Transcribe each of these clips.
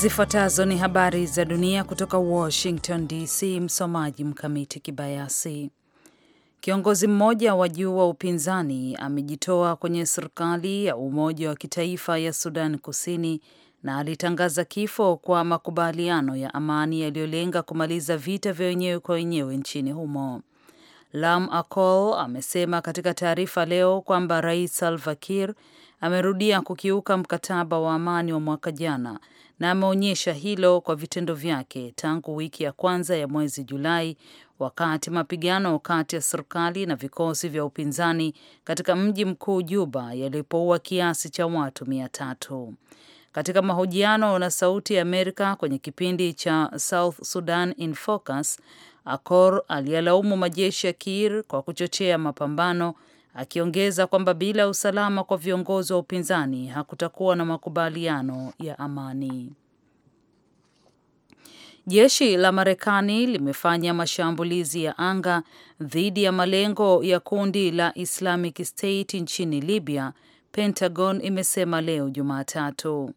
Zifuatazo ni habari za dunia kutoka Washington DC. Msomaji Mkamiti Kibayasi. Kiongozi mmoja wa juu wa upinzani amejitoa kwenye serikali ya umoja wa kitaifa ya Sudan Kusini na alitangaza kifo kwa makubaliano ya amani yaliyolenga kumaliza vita vya wenyewe kwa wenyewe nchini humo. Lam Akol amesema katika taarifa leo kwamba Rais Salva Kiir amerudia kukiuka mkataba wa amani wa mwaka jana na ameonyesha hilo kwa vitendo vyake tangu wiki ya kwanza ya mwezi Julai wakati mapigano kati ya serikali na vikosi vya upinzani katika mji mkuu Juba yalipoua kiasi cha watu mia tatu. Katika mahojiano na Sauti ya Amerika kwenye kipindi cha South Sudan in Focus, Akor aliyalaumu majeshi ya Kiir kwa kuchochea mapambano akiongeza kwamba bila usalama kwa viongozi wa upinzani hakutakuwa na makubaliano ya amani. Jeshi la Marekani limefanya mashambulizi ya anga dhidi ya malengo ya kundi la Islamic State nchini Libya, Pentagon imesema leo Jumatatu.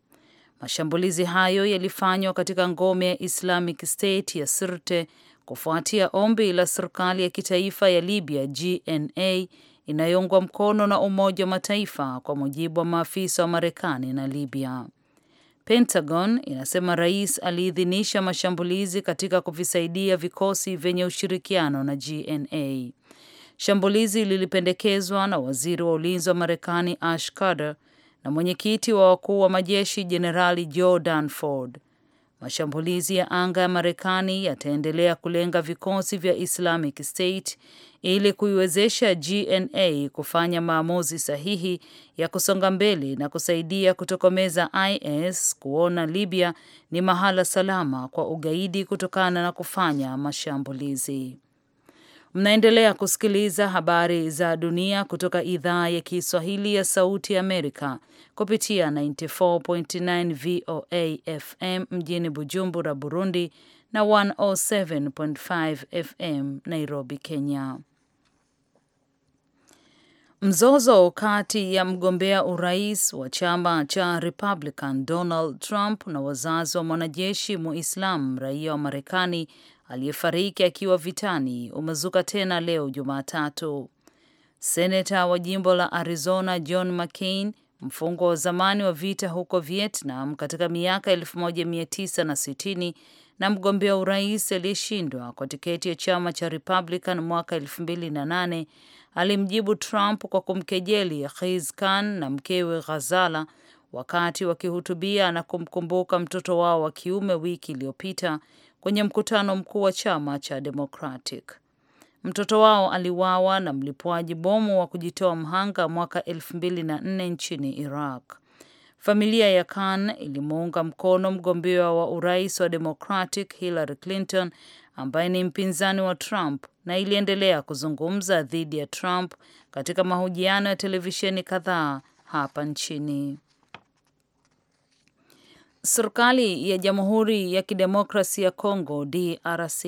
Mashambulizi hayo yalifanywa katika ngome ya Islamic State ya Sirte kufuatia ombi la serikali ya kitaifa ya Libya GNA inayoungwa mkono na Umoja wa Mataifa, kwa mujibu wa maafisa wa Marekani na Libya. Pentagon inasema rais aliidhinisha mashambulizi katika kuvisaidia vikosi vyenye ushirikiano na GNA. Shambulizi lilipendekezwa na waziri wa ulinzi wa Marekani Ash Carter na mwenyekiti wa wakuu wa majeshi Jenerali Joe Dunford. Mashambulizi ya anga ya Marekani yataendelea kulenga vikosi vya Islamic State ili kuiwezesha GNA kufanya maamuzi sahihi ya kusonga mbele na kusaidia kutokomeza IS kuona Libya ni mahala salama kwa ugaidi kutokana na kufanya mashambulizi. Mnaendelea kusikiliza habari za dunia kutoka idhaa ya Kiswahili ya Sauti ya Amerika kupitia 94.9 VOA FM mjini Bujumbura, Burundi na 107.5 FM Nairobi, Kenya. Mzozo kati ya mgombea urais wa chama cha Republican Donald Trump na wazazi wa mwanajeshi muislam raia wa Marekani aliyefariki akiwa vitani umezuka tena leo Jumatatu. Seneta wa jimbo la Arizona John McCain, mfungwa wa zamani wa vita huko Vietnam katika miaka 1960 na mgombea urais aliyeshindwa kwa tiketi ya chama cha Republican mwaka 2008 alimjibu Trump kwa kumkejeli Khiz Khan na mkewe Ghazala wakati wakihutubia na kumkumbuka mtoto wao wa kiume wiki iliyopita kwenye mkutano mkuu wa chama cha Democratic. Mtoto wao aliwawa na mlipuaji bomu wa kujitoa mhanga mwaka 2004 nchini Iraq. Familia ya Khan ilimuunga mkono mgombea wa urais wa Democratic Hillary Clinton ambaye ni mpinzani wa Trump na iliendelea kuzungumza dhidi ya Trump katika mahojiano ya televisheni kadhaa hapa nchini. Serikali ya Jamhuri ya kidemokrasi ya congo DRC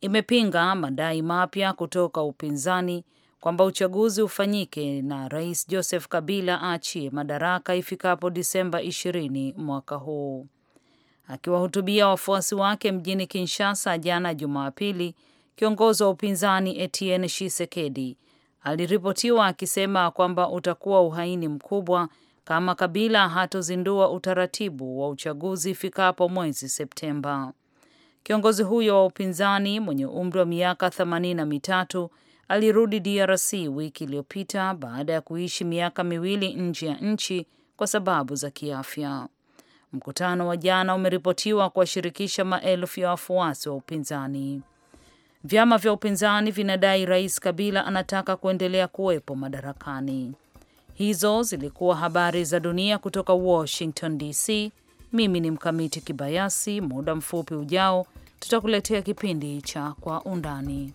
imepinga madai mapya kutoka upinzani kwamba uchaguzi ufanyike na Rais Joseph Kabila aachie madaraka ifikapo Disemba 20 mwaka huu. Akiwahutubia wafuasi wake mjini Kinshasa jana Jumapili, kiongozi wa upinzani Etienne Tshisekedi aliripotiwa akisema kwamba utakuwa uhaini mkubwa kama Kabila hatozindua utaratibu wa uchaguzi ifikapo mwezi Septemba. Kiongozi huyo wa upinzani mwenye umri wa miaka themanini na mitatu alirudi DRC wiki iliyopita baada ya kuishi miaka miwili nje ya nchi kwa sababu za kiafya. Mkutano wa jana umeripotiwa kuwashirikisha maelfu ya wafuasi wa upinzani. Vyama vya upinzani vinadai Rais Kabila anataka kuendelea kuwepo madarakani. Hizo zilikuwa habari za dunia kutoka Washington DC. Mimi ni Mkamiti Kibayasi. Muda mfupi ujao tutakuletea kipindi cha Kwa Undani.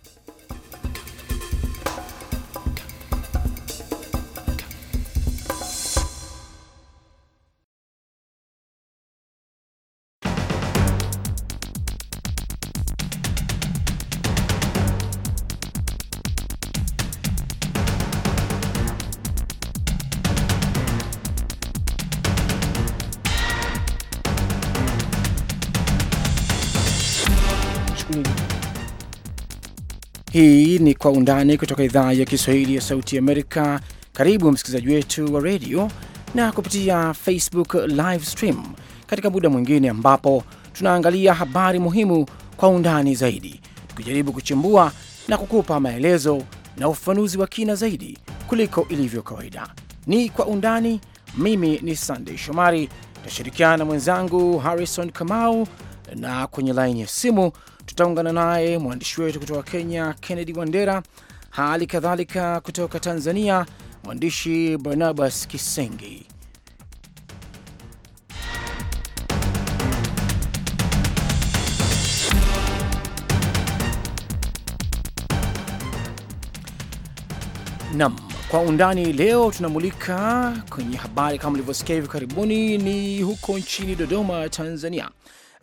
ni Kwa Undani kutoka idhaa ya Kiswahili ya Sauti Amerika. Karibu msikilizaji wetu wa redio na kupitia Facebook live stream katika muda mwingine ambapo tunaangalia habari muhimu kwa undani zaidi, tukijaribu kuchimbua na kukupa maelezo na ufafanuzi wa kina zaidi kuliko ilivyo kawaida. Ni Kwa Undani. Mimi ni Sandei Shomari, nashirikiana na mwenzangu Harrison Kamau, na kwenye laini ya simu Tutaungana naye mwandishi wetu kutoka Kenya, Kennedy Wandera, hali kadhalika kutoka Tanzania, mwandishi Barnabas Kisengi. Nam kwa undani leo tunamulika kwenye habari kama ulivyosikia hivi karibuni, ni huko nchini Dodoma, Tanzania,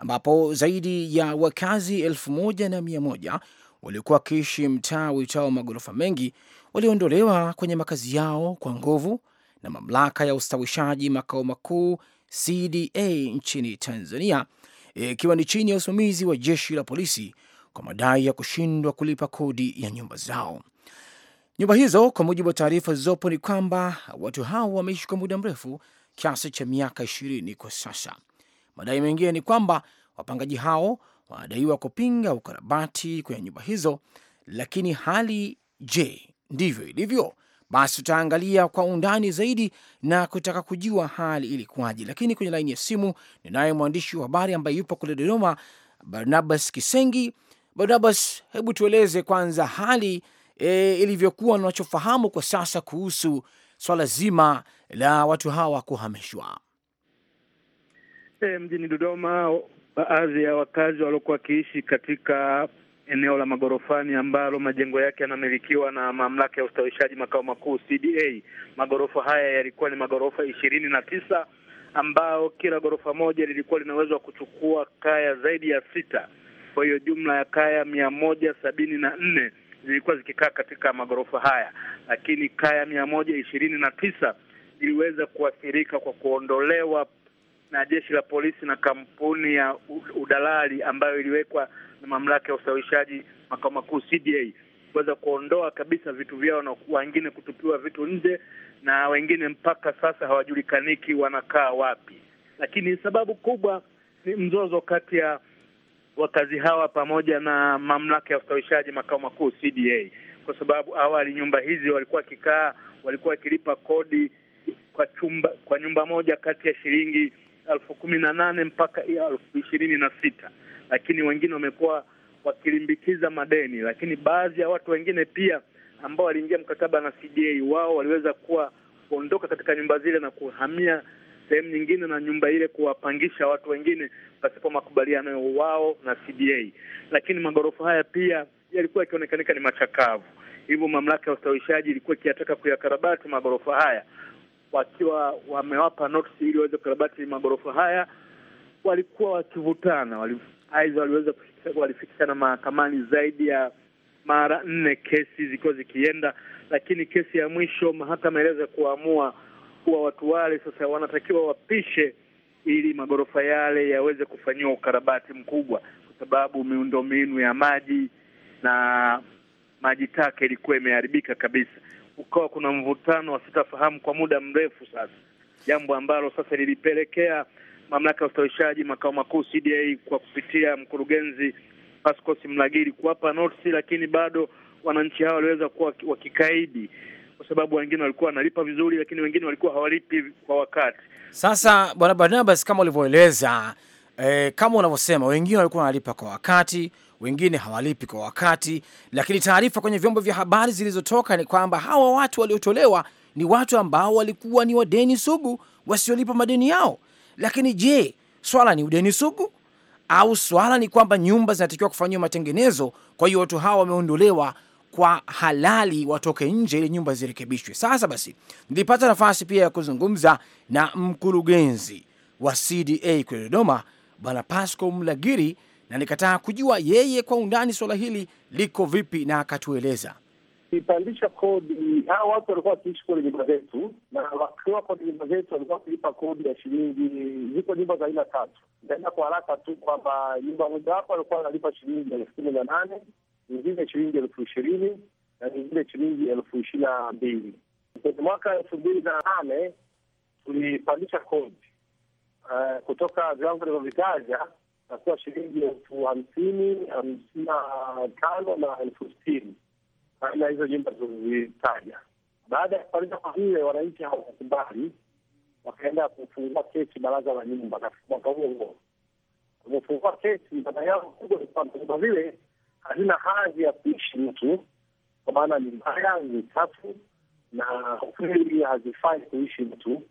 ambapo zaidi ya wakazi elfu moja na mia moja waliokuwa wakiishi mtaa uitao magorofa mengi waliondolewa kwenye makazi yao kwa nguvu na mamlaka ya ustawishaji makao makuu CDA nchini Tanzania, ikiwa e, ni chini ya usimamizi wa jeshi la polisi kwa madai ya kushindwa kulipa kodi ya nyumba zao. Nyumba hizo kwa mujibu wa taarifa zilizopo ni kwamba watu hao wameishi kwa muda mrefu kiasi cha miaka ishirini kwa sasa. Madai mengine ni kwamba wapangaji hao wanadaiwa kupinga ukarabati kwenye nyumba hizo, lakini hali je, ndivyo ilivyo? Basi tutaangalia kwa undani zaidi na kutaka kujua hali ilikuwaje. Lakini kwenye laini ya simu ninaye mwandishi wa habari ambaye yupo kule Dodoma, Barnabas Kisengi. Barnabas, hebu tueleze kwanza hali e, ilivyokuwa, unachofahamu kwa sasa kuhusu swala zima la watu hawa kuhamishwa. E, mjini Dodoma baadhi ya wakazi waliokuwa wakiishi katika eneo la magorofani ambalo majengo yake yanamilikiwa na mamlaka ya ustawishaji makao makuu CDA. Magorofa haya yalikuwa ni magorofa ishirini na tisa ambao kila gorofa moja lilikuwa linaweza kuchukua kaya zaidi ya sita. Kwa hiyo jumla ya kaya mia moja sabini na nne zilikuwa zikikaa katika magorofa haya, lakini kaya mia moja ishirini na tisa iliweza kuathirika kwa kuondolewa na jeshi la polisi na kampuni ya udalali ambayo iliwekwa na mamlaka ya usawishaji makao makuu CDA kuweza kuondoa kabisa vitu vyao na wengine kutupiwa vitu nje, na wengine mpaka sasa hawajulikaniki wanakaa wapi. Lakini sababu kubwa ni mzozo kati ya wakazi hawa pamoja na mamlaka ya ustawishaji makao makuu CDA, kwa sababu awali nyumba hizi walikuwa wakikaa, walikuwa wakilipa kodi kwa chumba, kwa nyumba moja kati ya shilingi elfu kumi na nane mpaka elfu ishirini na sita lakini wengine wamekuwa wakilimbikiza madeni, lakini baadhi ya watu wengine pia ambao waliingia mkataba na CDA wao waliweza kuwa kuondoka katika nyumba zile na kuhamia sehemu nyingine na nyumba ile kuwapangisha watu wengine pasipo makubaliano wao na CBA. Lakini magorofa haya pia yalikuwa yakionekanika ni machakavu, hivyo mamlaka ya ustawishaji ilikuwa ikiyataka kuyakarabati magorofa haya, wakiwa wamewapa notisi ili waweze kukarabati maghorofa haya, walikuwa wakivutana wali, aidha waliweza walifikishana mahakamani zaidi ya mara nne, kesi zikiwa zikienda, lakini kesi ya mwisho mahakama iliweza kuamua kuwa watu wale sasa wanatakiwa wapishe ili maghorofa yale yaweze kufanyiwa ukarabati mkubwa, kwa sababu miundombinu ya maji na maji taka ilikuwa imeharibika kabisa ukawa kuna mvutano wasitafahamu kwa muda mrefu sasa, jambo ambalo sasa lilipelekea mamlaka ya ustawishaji makao makuu CDA kwa kupitia mkurugenzi Pascal Mlagiri kuwapa notisi, lakini bado wananchi hao waliweza kuwa wakikaidi kwa sababu wengine walikuwa wanalipa vizuri, lakini wengine walikuwa hawalipi kwa wakati. Sasa Bwana Barnabas, kama ulivyoeleza eh, kama unavyosema, wengine walikuwa wanalipa kwa wakati, wengine hawalipi kwa wakati, lakini taarifa kwenye vyombo vya habari zilizotoka ni kwamba hawa watu waliotolewa ni watu ambao walikuwa ni wadeni sugu wasiolipa madeni yao. Lakini je, swala ni udeni sugu au swala ni kwamba nyumba zinatakiwa kufanyiwa matengenezo? Kwa hiyo watu hawa wameondolewa kwa halali watoke nje ili nyumba zirekebishwe. Sasa basi, nilipata nafasi pia ya kuzungumza na mkurugenzi wa CDA kule Dodoma, Bwana Pasco Mlagiri na nikataka kujua yeye kwa undani suala hili liko vipi, na akatueleza ipandisha kodi. Hawa watu walikuwa wakiishi kwenye nyumba zetu, na wakiwa kwenye nyumba zetu walikuwa wakilipa kodi ya shilingi. Ziko nyumba za aina tatu, nitaenda kwa haraka tu kwamba nyumba mojawapo alikuwa analipa shilingi elfu kumi na nane nyingine shilingi elfu ishirini na nyingine shilingi elfu ishirini na mbili Kwenye mwaka elfu mbili na nane tulipandisha kodi uh, kutoka viwango vilivyovitaja itakuwa shilingi elfu hamsini hamsini na tano na elfu sitini aina hizo nyumba tulizitaja. Baada ya kumaliza kwa vile wananchi hawakukubali, wakaenda kufungua kesi baraza la nyumba katika mwaka huo huo. Kufungua kesi, maana yao kubwa ni kwamba nyumba zile hazina hadhi ya kuishi mtu, kwa maana ni mbaya, ni chafu na kweli hazifai kuishi mtu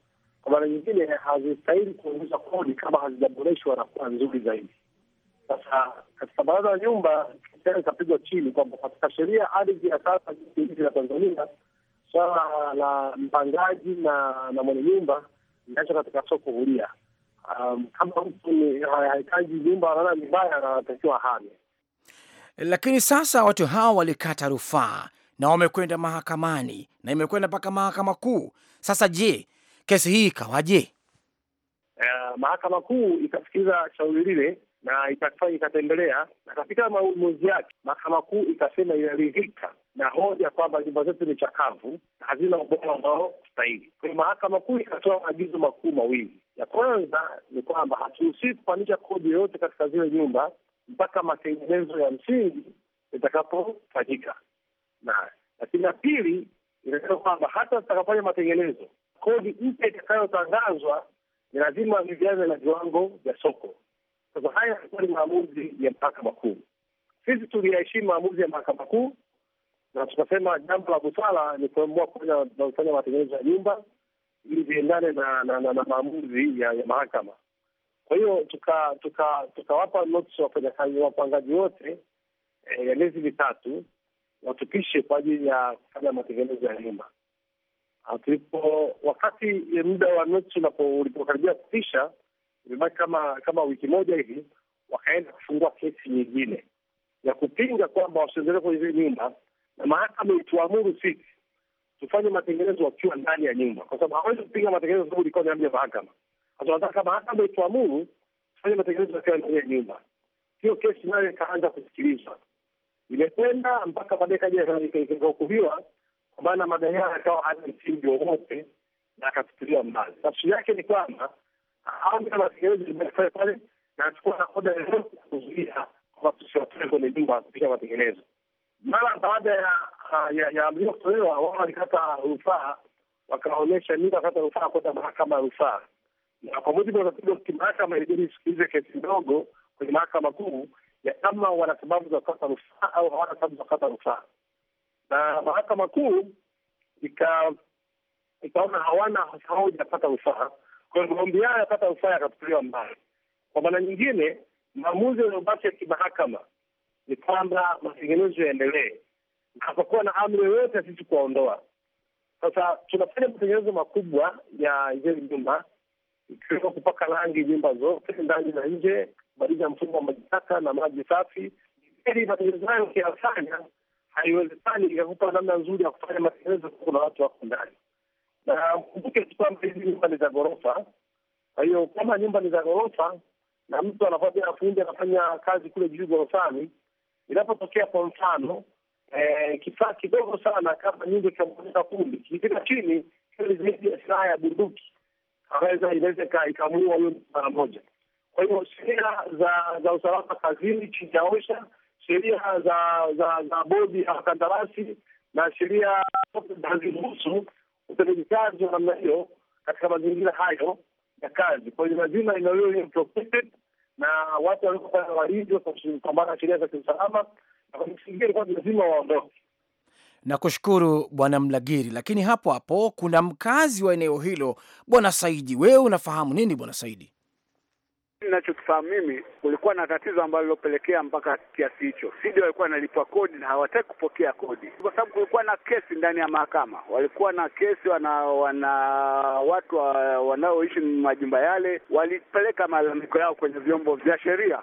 kwa mara nyingine hazistahili kuongeza kodi kama hazijaboreshwa na kuwa nzuri zaidi. Sasa katika baraza la nyumba ikapigwa chini kwamba katika sheria ardhi ya sasa hizi za Tanzania, swala la mpangaji na na mwenye nyumba inaacha katika soko huria. Um, kama mtu hahitaji nyumba anaona ni mbaya, anatakiwa hame. Lakini sasa watu hawa walikata rufaa na wamekwenda mahakamani na imekwenda mpaka mahakama kuu. Sasa je, kesi hii ikawaje? Uh, mahakama kuu ikasikiza shauri lile na ikafanya ikatembelea na katika maamuzi yake mahakama kuu ikasema inaridhika na hoja kwamba nyumba zetu ni chakavu na hazina ubora ambao stahili. Kwa hiyo mahakama kuu ikatoa maagizo makuu mawili. Ya kwanza ni kwamba hatuhusii kupandisha kodi yoyote katika zile nyumba mpaka matengenezo ya msingi itakapofanyika, na lakini la pili inasema kwamba hata zitakapofanya matengenezo kodi mpya itakayotangazwa ni lazima viviane na viwango vya soko. Sasa haya yalikuwa ni maamuzi ya mahakama kuu. Sisi tuliyaheshimu maamuzi ya mahakama kuu na tukasema jambo la busara ni kuamua kufanya matengenezo ya nyumba ili viendane na, na, na, na maamuzi ya, ya mahakama. Kwa hiyo tukawapa tuka, tuka notisi wafanyakazi wapangaji wote eh, ya miezi mitatu watupishe kwa ajili ya kufanya matengenezo ya nyumba tulipo wakati muda wa nusu ulipokaribia kupisha, imebaki kama kama wiki moja hivi, wakaenda kufungua kesi nyingine ya kupinga kwamba wasiendelee kwenye zile nyumba, na mahakama ituamuru sisi tufanye matengenezo wakiwa ndani ya nyumba, kwa sababu hawezi kupinga matengenezo, sababu ilikuwa ni amri ya mahakama. Sasa wanataka mahakama ituamuru tufanye matengenezo wakiwa ndani ya nyumba. Hiyo kesi nayo ikaanza kusikilizwa, imekwenda mpaka baadaye ikaja ikahukumiwa maana madai hayo yakawa hana msingi wowote na akatupiliwa mbali. Tafsiri yake ni kwamba amri ya matengenezo limefanya pale na achukua nakoda yoyote ya kuzuia kwamba tusiwatoe kwenye nyumba kupitia matengenezo. Mara baada ya ya, ya amri hiyo kutolewa, wao walikata rufaa, wakaonyesha nyumba wakata rufaa kwenda mahakama ya rufaa, na kwa mujibu wa taratibu ya kimahakama ilibidi isikilize kesi ndogo kwenye mahakama kuu ya kama wana sababu za kukata rufaa au hawana sababu za kukata rufaa na mahakama kuu ikaona hawana hawajapata rufaa. Kwa hiyo maombi yao yapata rufaa yakatupiliwa mbali. Kwa maana nyingine, maamuzi yaliyobaki ya kimahakama ni kwamba matengenezo yaendelee, hapakuwa na amri yoyote ya sisi kuwaondoa. Sasa tunafanya matengenezo makubwa ya zile nyumba, ikiwemo kupaka rangi nyumba zote ndani na nje, kubadilisha mfumo wa maji taka na maji safi. Ili matengenezo hayo ukiyafanya haiwezekani ikakupa namna nzuri ya kufanya matengenezo. Kuna watu wako ndani, na kumbuke tu kwamba hizi nyumba ni za ghorofa. Kwa hiyo kama nyumba ni za ghorofa na mtu anakwambia afundi anafanya kazi kule juu ghorofani, inapotokea kwa mfano eh, kifaa kidogo sana kama nyundo ikamwonyesha fundi kikifika chini, zaidi ya silaha ya bunduki, aweza inaweza ikamuua huyo mara moja. Kwa hiyo sera za za usalama kazini chini ya OSHA sheria za za za bodi ya wakandarasi na sheria haziruhusu utekelezaji wa namna hiyo katika mazingira hayo ya kazi. Kwa hiyo lazima eneo hiyo liwe protected na watu waliofanya wahivyo kupambana na sheria za kiusalama, na kwa misingi ilikuwa lazima waondoke. Na kushukuru Bwana Mlagiri. Lakini hapo hapo kuna mkazi wa eneo hilo Bwana Saidi, wewe unafahamu nini Bwana Saidi? Ninachokifahamu mimi, kulikuwa na tatizo ambalo lilopelekea mpaka kiasi hicho. sidi walikuwa wanalipwa kodi na hawataki kupokea kodi, kwa sababu kulikuwa na kesi ndani ya mahakama. Walikuwa na kesi, wana, wana watu wa, wanaoishi majumba yale walipeleka malalamiko yao kwenye vyombo vya sheria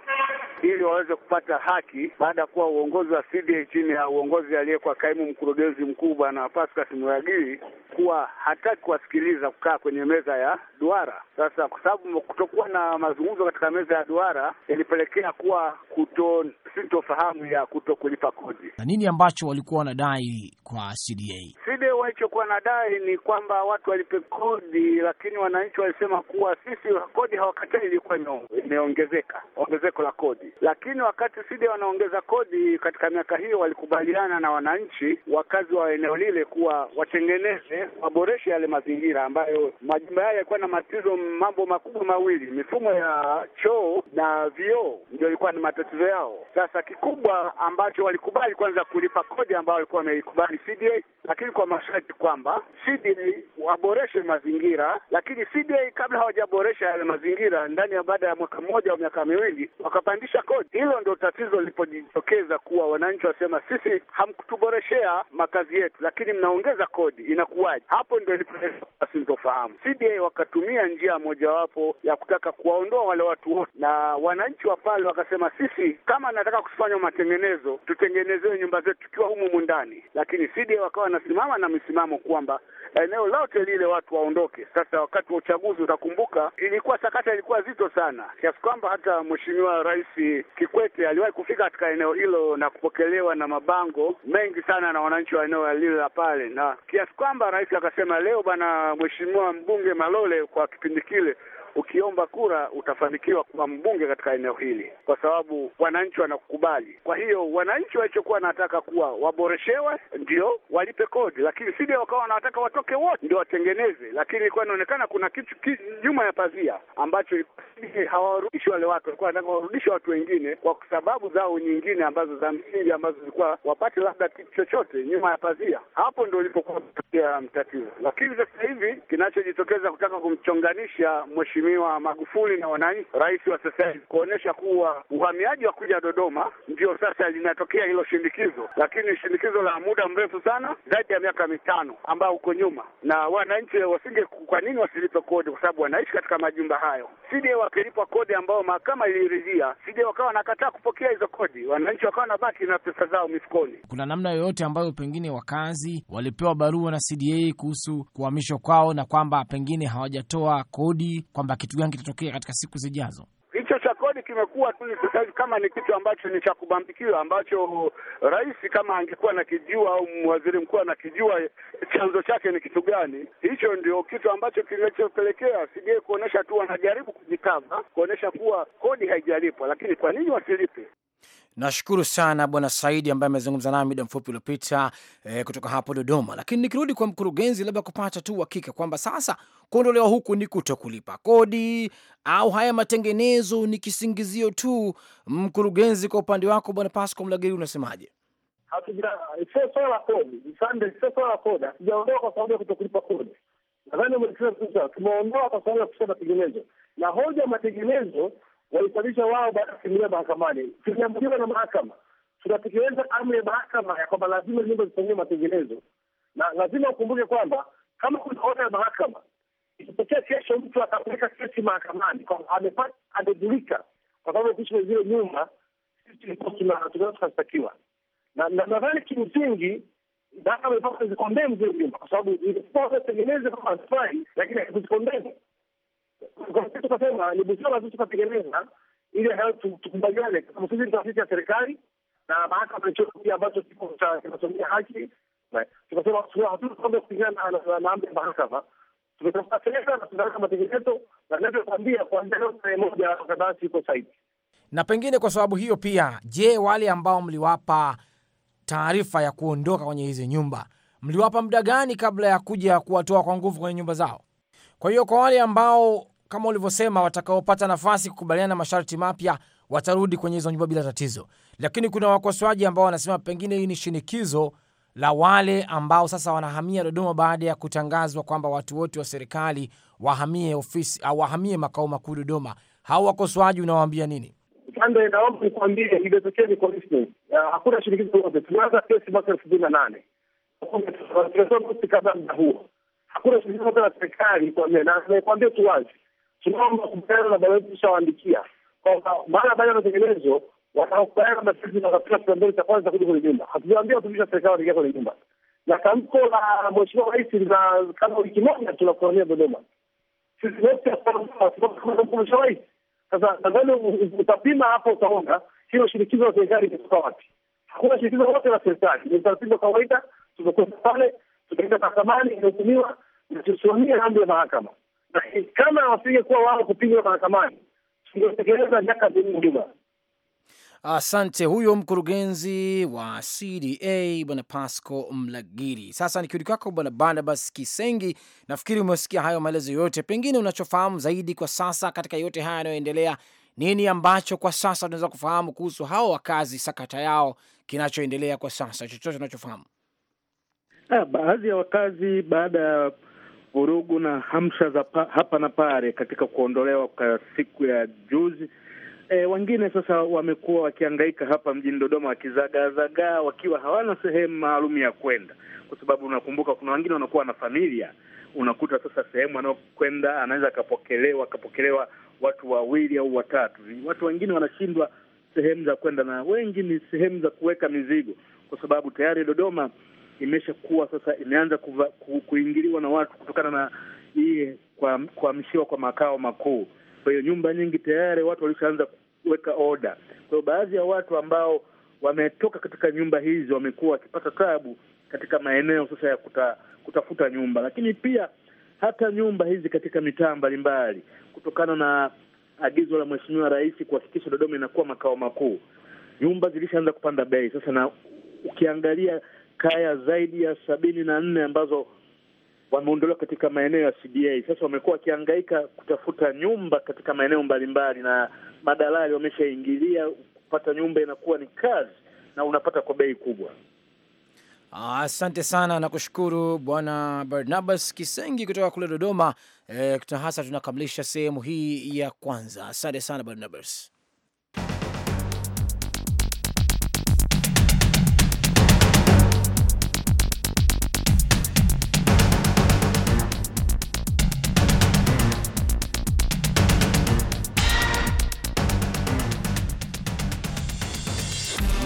ili waweze kupata haki baada ya kuwa uongozi wa CDA chini ya uongozi aliyekuwa kaimu mkurugenzi mkuu Bwana Pascas Muragili kuwa hataki kuwasikiliza kukaa kwenye meza ya duara. Sasa kwa sababu kutokuwa na mazungumzo katika meza ya duara ilipelekea kuwa kuto sintofahamu ya kuto kulipa kodi. Na nini ambacho walikuwa wanadai kwa CDA? CDA walichokuwa wanadai ni kwamba watu walipe kodi, lakini wananchi walisema kuwa sisi kodi hawakatai, ilikuwa imeongezeka ongezeko la kodi lakini wakati side wanaongeza kodi katika miaka hiyo, walikubaliana na wananchi wakazi wa eneo lile kuwa watengeneze, waboreshe yale mazingira ambayo majumba yayo yalikuwa na matatizo. Mambo makubwa mawili, mifumo ya choo na vioo, ndio ilikuwa ni matatizo yao. Sasa kikubwa ambacho walikubali kwanza kulipa kodi ambayo walikuwa wameikubali CDA, lakini kwa masharti kwamba CDA waboreshe mazingira. Lakini CDA kabla hawajaboresha yale mazingira, ndani ya baada ya mwaka mmoja au miaka miwili wakapandisha kodi kodi. Hilo ndo tatizo lilipojitokeza kuwa wananchi wasema, sisi hamkutuboreshea makazi yetu, lakini mnaongeza kodi, inakuwaje? Hapo ndo ilipoleta sintofahamu. CDA wakatumia njia mojawapo ya kutaka kuwaondoa wale watu wote, na wananchi wa pale wakasema, sisi kama nataka kufanywa matengenezo, tutengenezewe nyumba zetu tukiwa humu mundani. Lakini CDA wakawa wanasimama na misimamo kwamba eneo lote lile watu waondoke. Sasa wakati wa uchaguzi, utakumbuka ilikuwa sakata ilikuwa zito sana, kiasi kwamba hata mheshimiwa Rais Kikwete aliwahi kufika katika eneo hilo na kupokelewa na mabango mengi sana na wananchi wa eneo lile la pale, na kiasi kwamba rais akasema leo bwana, mheshimiwa mbunge Malole kwa kipindi kile ukiomba kura utafanikiwa kuwa mbunge katika eneo hili, kwa sababu wananchi wanakukubali. Kwa hiyo wananchi walichokuwa wanataka kuwa waboreshewe, ndio walipe kodi, lakini sija wakawa wanawataka watoke wote ndio watengeneze, lakini ilikuwa inaonekana kuna kitu nyuma ya pazia ambacho hawawarudishi wale watu, walikuwa wanataka warudishe watu wengine kwa sababu zao nyingine ambazo za msingi ambazo zilikuwa wapate labda kitu chochote nyuma ya pazia. Hapo ndo ilipokuwa mtatizo lakini sasa hivi kinachojitokeza kutaka kumchonganisha mheshimiwa Mheshimiwa Magufuli na wananchi, rais wa sasa hivi, kuonyesha kuwa uhamiaji wa kuja Dodoma ndio sasa linatokea hilo shindikizo, lakini shindikizo la muda mrefu sana, zaidi ya miaka mitano, ambao uko nyuma, na wananchi wasinge, kwa nini wasilipe kodi? Kwa sababu wanaishi katika majumba hayo, sije wakilipwa kodi ambayo mahakama iliridhia, sije wakawa wanakataa kupokea hizo kodi, wananchi wakawa baki na pesa zao mifukoni. Kuna namna yoyote ambayo pengine wakazi walipewa barua na CDA kuhusu kuhamishwa kwao na kwamba pengine hawajatoa kodi kwa kwamba kitu gani kitatokea katika siku zijazo? Hicho cha kodi kimekuwa tu kama ni kitu ambacho ni cha kubambikiwa, ambacho uh, rais kama angekuwa na kijua au waziri mkuu anakijua chanzo chake ni kitu gani, hicho ndio kitu ambacho kinachopelekea sijai kuonyesha tu wanajaribu kujikava, kuonyesha kuwa kodi haijalipwa, lakini kwa nini wasilipe? Nashukuru sana bwana Saidi ambaye amezungumza nami muda mfupi uliopita e, kutoka hapo Dodoma. Lakini nikirudi kwa mkurugenzi, labda kupata tu uhakika kwamba sasa kuondolewa huku ni kutokulipa kodi au haya matengenezo ni kisingizio tu. Mkurugenzi, kwa upande wako bwana Pasco Mlageri, unasemaje? Sio swala la kodi, sio swala la kodi. Hatujaondoa kwa sababu ya kodi. Nadhani tumeondoa kwa sababu ya kusema matengenezo na hoja matengenezo walisababisha wao baada ya kuingia mahakamani. Tuliambuliwa na mahakama, tunatekeleza amri ya mahakama ya kwamba lazima nyumba zifanyiwe matengenezo, na lazima ukumbuke kwamba kama kuna oda ya mahakama ikitokea kesho mtu atapeleka kesi mahakamani kwamba amejulika kwa sababu kuishi zile nyumba, sisi tulikuwa tunashtakiwa na nadhani kimsingi mahakama ilipaswa zikondemu zile nyumba, kwa sababu ilikuwa tengeneze kama hazifai, lakini hakuzikondeza tukasema ni busara lazima tukatengeneza ili tukubaliane, kwa sababu sisi ni taasisi ya serikali na mahakama ni chombo ambacho kiko kinasomia haki. Tukasema hatuna kwamba kupingana na amri ya mahakama, tumetafuta fedha na tunaweka matengenezo na tunavyokwambia, kuanzia leo tarehe moja kandarasi iko saidi. Na pengine kwa sababu hiyo pia, je, wale ambao mliwapa taarifa ya kuondoka kwenye hizi nyumba mliwapa muda gani kabla ya kuja kuwatoa kwa nguvu kwenye nyumba zao? Kwa hiyo kwa wale ambao kama ulivyosema watakaopata nafasi kukubaliana na masharti mapya watarudi kwenye hizo nyumba bila tatizo, lakini kuna wakosoaji ambao wanasema pengine hii ni shinikizo la wale ambao sasa wanahamia Dodoma baada ya kutangazwa kwamba watu wote wa serikali wahamie ofisi au wahamie makao makuu Dodoma. Hao wakosoaji unawaambia nini? Sande, naomba nikuambie ibetokeni Hakuna shinikizo lolote. kesi mwaka elfu mbili na nane kadhaa huo hakuna shinikizo hata la serikali kuambia, na amekuambia tu wazi, tunaomba makubaliano na barua tushawaandikia kwamba baada baada ya matengenezo wanaokubaliana na sisi na katika pembeni cha kwanza kuja kwenye nyumba. Hatujaambia watumishi wa serikali wanaingia kwenye nyumba, na tamko la mheshimiwa rais lina kama wiki moja tu la kuhamia Dodoma. Sisi wote tunakumbusha rais sasa. Nadhani utapima hapo, utaona hilo shinikizo la serikali limetoka wapi. Hakuna shinikizo lote la serikali, ni utaratibu wa kawaida. Tumekuwa pale tutaenda mahakamani, imehukumiwa na tusimamie amri ya mahakama, lakini kama wasingekuwa wao kupigwa mahakamani, tungetekeleza miaka mingi nyuma. Asante. Huyo mkurugenzi wa CDA Bwana Pasco Mlagiri. Sasa nikirudi kwako Bwana Barnabas Kisengi, nafikiri umesikia hayo maelezo yote, pengine unachofahamu zaidi kwa sasa katika yote haya yanayoendelea, nini ambacho kwa sasa tunaweza kufahamu kuhusu hao wakazi, sakata yao, kinachoendelea kwa sasa, chochote unachofahamu? Ha, ah, baadhi ya wakazi baada ya vurugu na hamsha za pa, hapa na pale katika kuondolewa kwa siku ya juzi e, wengine sasa wamekuwa wakiangaika hapa mjini Dodoma wakizagaazagaa wakiwa hawana sehemu maalum ya kwenda, kwa sababu unakumbuka kuna wengine wanakuwa na familia. Unakuta sasa sehemu anayokwenda anaweza akapokelewa akapokelewa watu wawili au watatu. Watu wengine wanashindwa sehemu za kwenda, na wengi ni sehemu za kuweka mizigo, kwa sababu tayari Dodoma imeshakuwa sasa imeanza kuva, ku, kuingiliwa na watu kutokana na hii kuhamishiwa kwa, kwa makao makuu. Kwa hiyo nyumba nyingi tayari watu walishaanza kuweka oda. Kwa hiyo baadhi ya watu ambao wametoka katika nyumba hizi wamekuwa wakipata tabu katika maeneo sasa ya kuta, kutafuta nyumba, lakini pia hata nyumba hizi katika mitaa mbalimbali kutokana na agizo la Mheshimiwa Rais kuhakikisha Dodoma inakuwa makao makuu, nyumba zilishaanza kupanda bei sasa, na ukiangalia kaya zaidi ya sabini na nne ambazo wameondolewa katika maeneo ya cda Sasa wamekuwa wakihangaika kutafuta nyumba katika maeneo mbalimbali, na madalali wameshaingilia. Kupata nyumba inakuwa ni kazi na unapata kwa bei kubwa. Asante ah, sana nakushukuru Bwana Barnabas Kisengi kutoka kule Dodoma. Eh, hasa tunakamilisha sehemu hii ya kwanza. Asante sana Barnabas.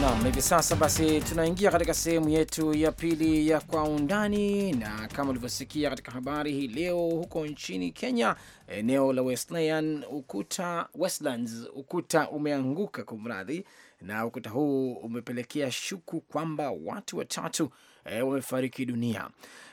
Naam, hivi sasa basi tunaingia katika sehemu yetu ya pili ya kwa undani, na kama ulivyosikia katika habari hii leo, huko nchini Kenya, eneo la Westland, ukuta Westlands, ukuta umeanguka kwa mradhi, na ukuta huu umepelekea shuku kwamba watu watatu eh, wamefariki dunia.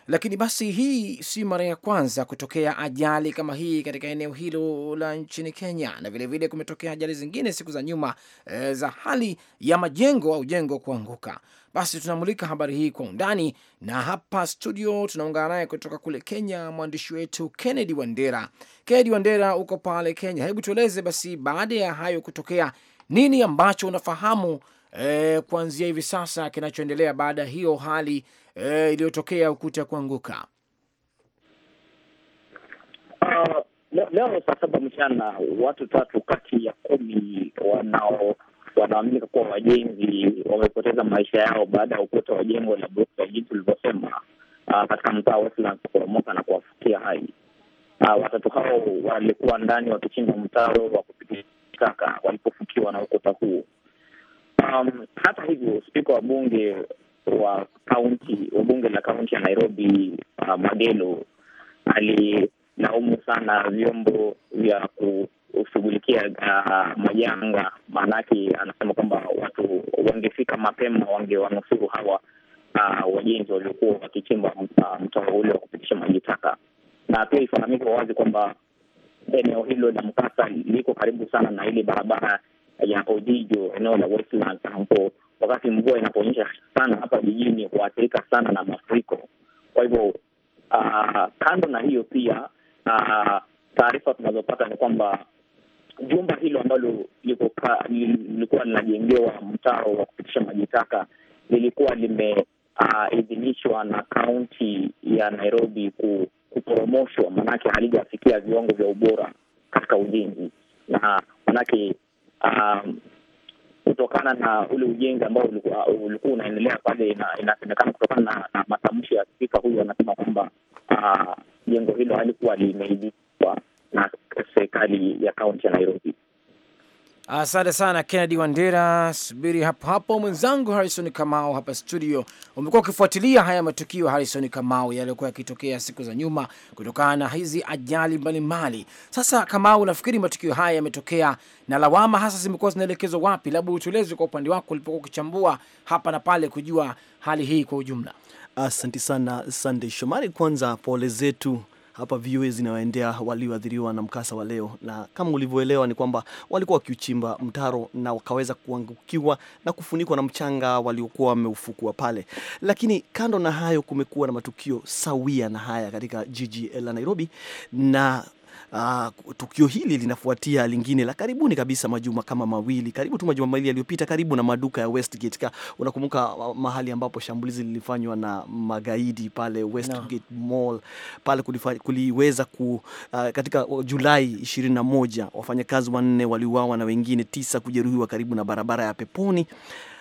Lakini basi hii si mara ya kwanza kutokea ajali kama hii katika eneo hilo la nchini Kenya, na vilevile vile kumetokea ajali zingine siku za nyuma e, za hali ya majengo au jengo kuanguka. Basi tunamulika habari hii kwa undani, na hapa studio tunaungana naye kutoka kule Kenya mwandishi wetu Kennedy Wandera. Kennedy Wandera, uko pale Kenya, hebu tueleze basi, baada ya hayo kutokea, nini ambacho unafahamu e, kuanzia hivi sasa kinachoendelea baada ya hiyo hali e, iliyotokea ukuta kuanguka? Uh, ah, saa saba mchana watu tatu kati ya kumi wanao wanaaminika kuwa wajenzi wamepoteza maisha yao baada ya ukuta wa jengo la Brookside jinsi ulivyosema, uh, katika mtaa wa kuporomoka na kuwafikia hai. Uh, watatu hao walikuwa ndani wakichimba mtaro wa kupitisha walipofukiwa na ukuta huo. Um, hata hivyo spika wa bunge wa kaunti wa bunge la kaunti ya Nairobi uh, Magelo alilaumu sana vyombo vya kushughulikia uh, majanga, maanake anasema kwamba watu wangefika mapema wangewanusuru hawa uh, wajenzi waliokuwa wakichimba uh, mtaro ule wa kupitisha maji taka, na pia ifahamike wazi kwamba eneo hilo la mkasa liko karibu sana na ile barabara ya Odijo, eneo la Westlands ambapo wakati mvua inaponyesha sana hapa jijini huathirika sana na mafuriko. Kwa hivyo ah, kando na hiyo pia ah, taarifa tunazopata ni kwamba jumba hilo ambalo lilikuwa linajengewa mtaro wa kupitisha maji taka lilikuwa limeidhinishwa ah, na kaunti ya Nairobi kuporomoshwa, maanake halijafikia viwango vya ubora katika ujenzi, na maanake um, kutokana na ule ujenzi ambao ulikuwa unaendelea pale. Inasemekana kutokana na, na matamshi ya spika huyu anasema kwamba ah, jengo hilo halikuwa limeidhishwa na serikali ya kaunti ya Nairobi. Asante sana Kennedy Wandera, subiri hapo hapo. Mwenzangu Harrison Kamau hapa studio, umekuwa ukifuatilia haya matukio Harrison Kamau, yaliyokuwa yakitokea siku za nyuma kutokana na hizi ajali mbalimbali. Sasa Kamau, nafikiri matukio haya yametokea na lawama hasa zimekuwa zinaelekezwa wapi? Labda utueleze kwa upande wako ulipokuwa ukichambua hapa na pale kujua hali hii kwa ujumla. Asante sana Sandey Shomari. Kwanza pole zetu hapa VOA zinawaendea walioathiriwa na mkasa wa leo, na kama ulivyoelewa ni kwamba walikuwa wakiuchimba mtaro na wakaweza kuangukiwa na kufunikwa na mchanga waliokuwa wameufukua pale. Lakini kando na hayo, kumekuwa na matukio sawia na haya katika jiji la Nairobi na Uh, tukio hili linafuatia lingine la karibuni kabisa, majuma kama mawili, karibu tu majuma mawili yaliyopita, karibu na maduka ya Westgate. Unakumbuka ah, mahali ambapo shambulizi lilifanywa na magaidi pale Westgate no. Mall pale kuliweza ku, uh, katika oh, Julai 21 wafanyakazi wanne waliuawa na wengine tisa kujeruhiwa karibu na barabara ya Peponi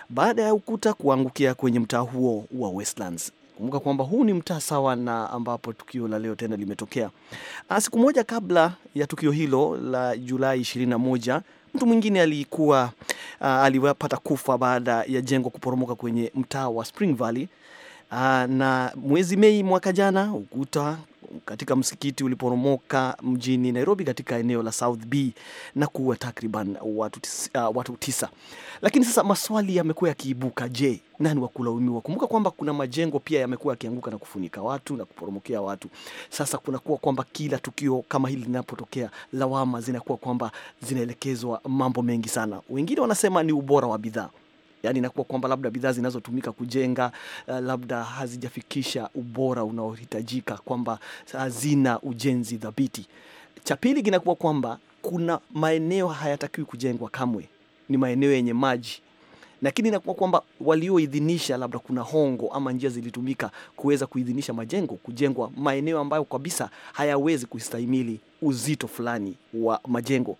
baada ya ukuta kuangukia kwenye mtaa huo wa Westlands. Kumbuka kwamba huu ni mtaa sawa na ambapo tukio la leo tena limetokea. Ah, siku moja kabla ya tukio hilo la Julai 21, mtu mwingine alikuwa uh, aliwapata kufa baada ya jengo kuporomoka kwenye mtaa wa Spring Valley. Uh, na mwezi Mei mwaka jana ukuta katika msikiti uliporomoka mjini Nairobi katika eneo la South B na kuua takriban watu, tisa, uh, watu tisa. Lakini sasa maswali yamekuwa yakiibuka. Je, nani wa kulaumiwa? Kumbuka kwamba kuna majengo pia yamekuwa yakianguka na kufunika watu na kuporomokea watu. Sasa kunakuwa kwamba kila tukio kama hili linapotokea, lawama zinakuwa kwamba zinaelekezwa mambo mengi sana. Wengine wanasema ni ubora wa bidhaa yani inakuwa kwamba labda bidhaa zinazotumika kujenga uh, labda hazijafikisha ubora unaohitajika, kwamba hazina ujenzi dhabiti Cha pili kinakuwa kwamba kuna maeneo hayatakiwi kujengwa kamwe, ni maeneo yenye maji lakini inakuwa kwamba walioidhinisha labda kuna hongo ama njia zilitumika kuweza kuidhinisha majengo kujengwa maeneo ambayo kabisa hayawezi kustahimili uzito fulani wa majengo.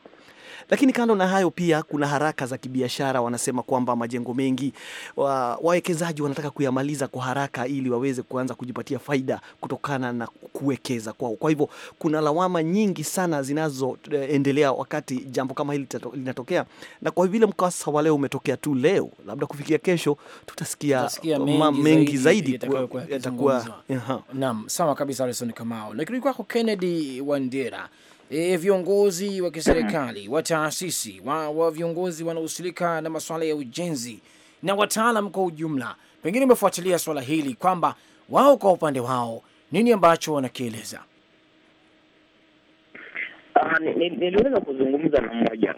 Lakini kando na hayo, pia kuna haraka za kibiashara. Wanasema kwamba majengo mengi wa, wawekezaji wanataka kuyamaliza kwa haraka ili waweze kuanza kujipatia faida kutokana na kuwekeza kwao. Kwa hivyo kuna lawama nyingi sana zinazoendelea wakati jambo kama hili linatokea, na kwa vile mkasa wa leo umetokea tu leo, labda kufikia kesho tutasikia, tutasikia mengi, mengi zaidi yatakuwa. Naam, sawa kabisa Harrison Kamau. Lakini kwako Kennedy Wandera e, viongozi wa kiserikali wa taasisi wa, wa viongozi wanaohusika na masuala ya ujenzi na wataalam kwa ujumla, pengine umefuatilia swala hili kwamba wao kwa upande wao nini ambacho wanakieleza? Uh, niliweza kuzungumza na mmoja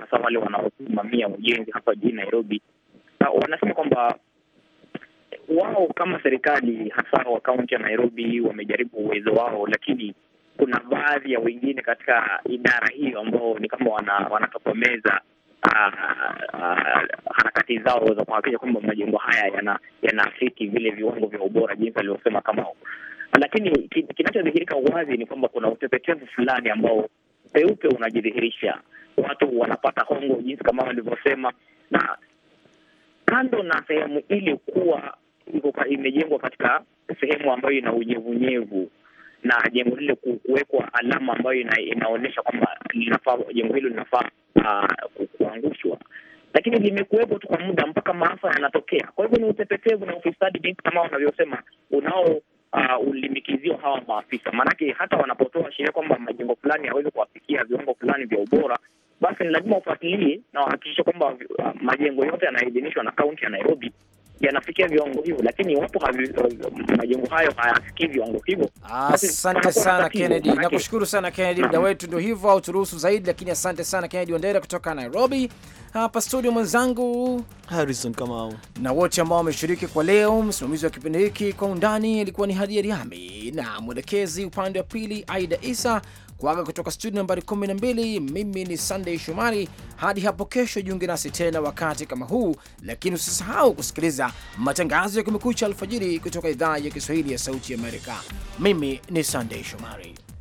hasa wale wanaosimamia ujenzi hapa jijini Nairobi, Uh, wanasema kwamba wao kama serikali hasa wa kaunti ya Nairobi wamejaribu uwezo wao, lakini kuna baadhi ya wengine katika idara hiyo ambao ni kama wana, wanatokomeza Uh, uh, harakati zao za kuhakikisha kwamba majengo haya yanaafiki vile viwango vya ubora jinsi alivyosema Kamau. Lakini kinachodhihirika wazi ni kwamba kuna utepetevu fulani ambao peupe unajidhihirisha, watu wanapata hongo jinsi kama walivyosema na kando na sehemu ile kuwa imejengwa katika sehemu ambayo ina unyevunyevu na jengo lile kuwekwa alama ambayo ina, inaonyesha kwamba jengo hilo linafaa uh, kuangushwa, lakini limekuwepo tu kwa muda mpaka maafa yanatokea. Kwa hivyo ni utepetevu na ufisadi jinsi kama wanavyosema unao Uh, ah, ulimikiziwa hawa maafisa, maanake hata wanapotoa sheria kwamba majengo fulani yaweze kuwafikia viwango fulani vya ubora, basi ni lazima ufuatilie na wahakikishe kwamba uh, majengo yote yanaidhinishwa na kaunti ya Nairobi yanafikia viwango hivyo, lakini iwapo majengo hayo hayafikii viwango hivyo. Asante sana Kennedy, nakushukuru sana Kennedy. Muda wetu ndio hivyo au turuhusu zaidi, lakini asante sana Kennedy Wandera kutoka Nairobi. Hapa studio mwenzangu Harrison Kamau na wote ambao wameshiriki kwa leo. Msimamizi wa kipindi hiki kwa undani alikuwa ni Hadia Riami na mwelekezi upande wa pili Aida Isa. Kuaga kutoka studio nambari 12, mimi ni Sunday Shomari. Hadi hapo kesho, jiunge nasi tena wakati kama huu, lakini usisahau kusikiliza matangazo ya Kumekucha alfajiri kutoka idhaa ya Kiswahili ya Sauti ya Amerika. Mimi ni Sunday Shomari.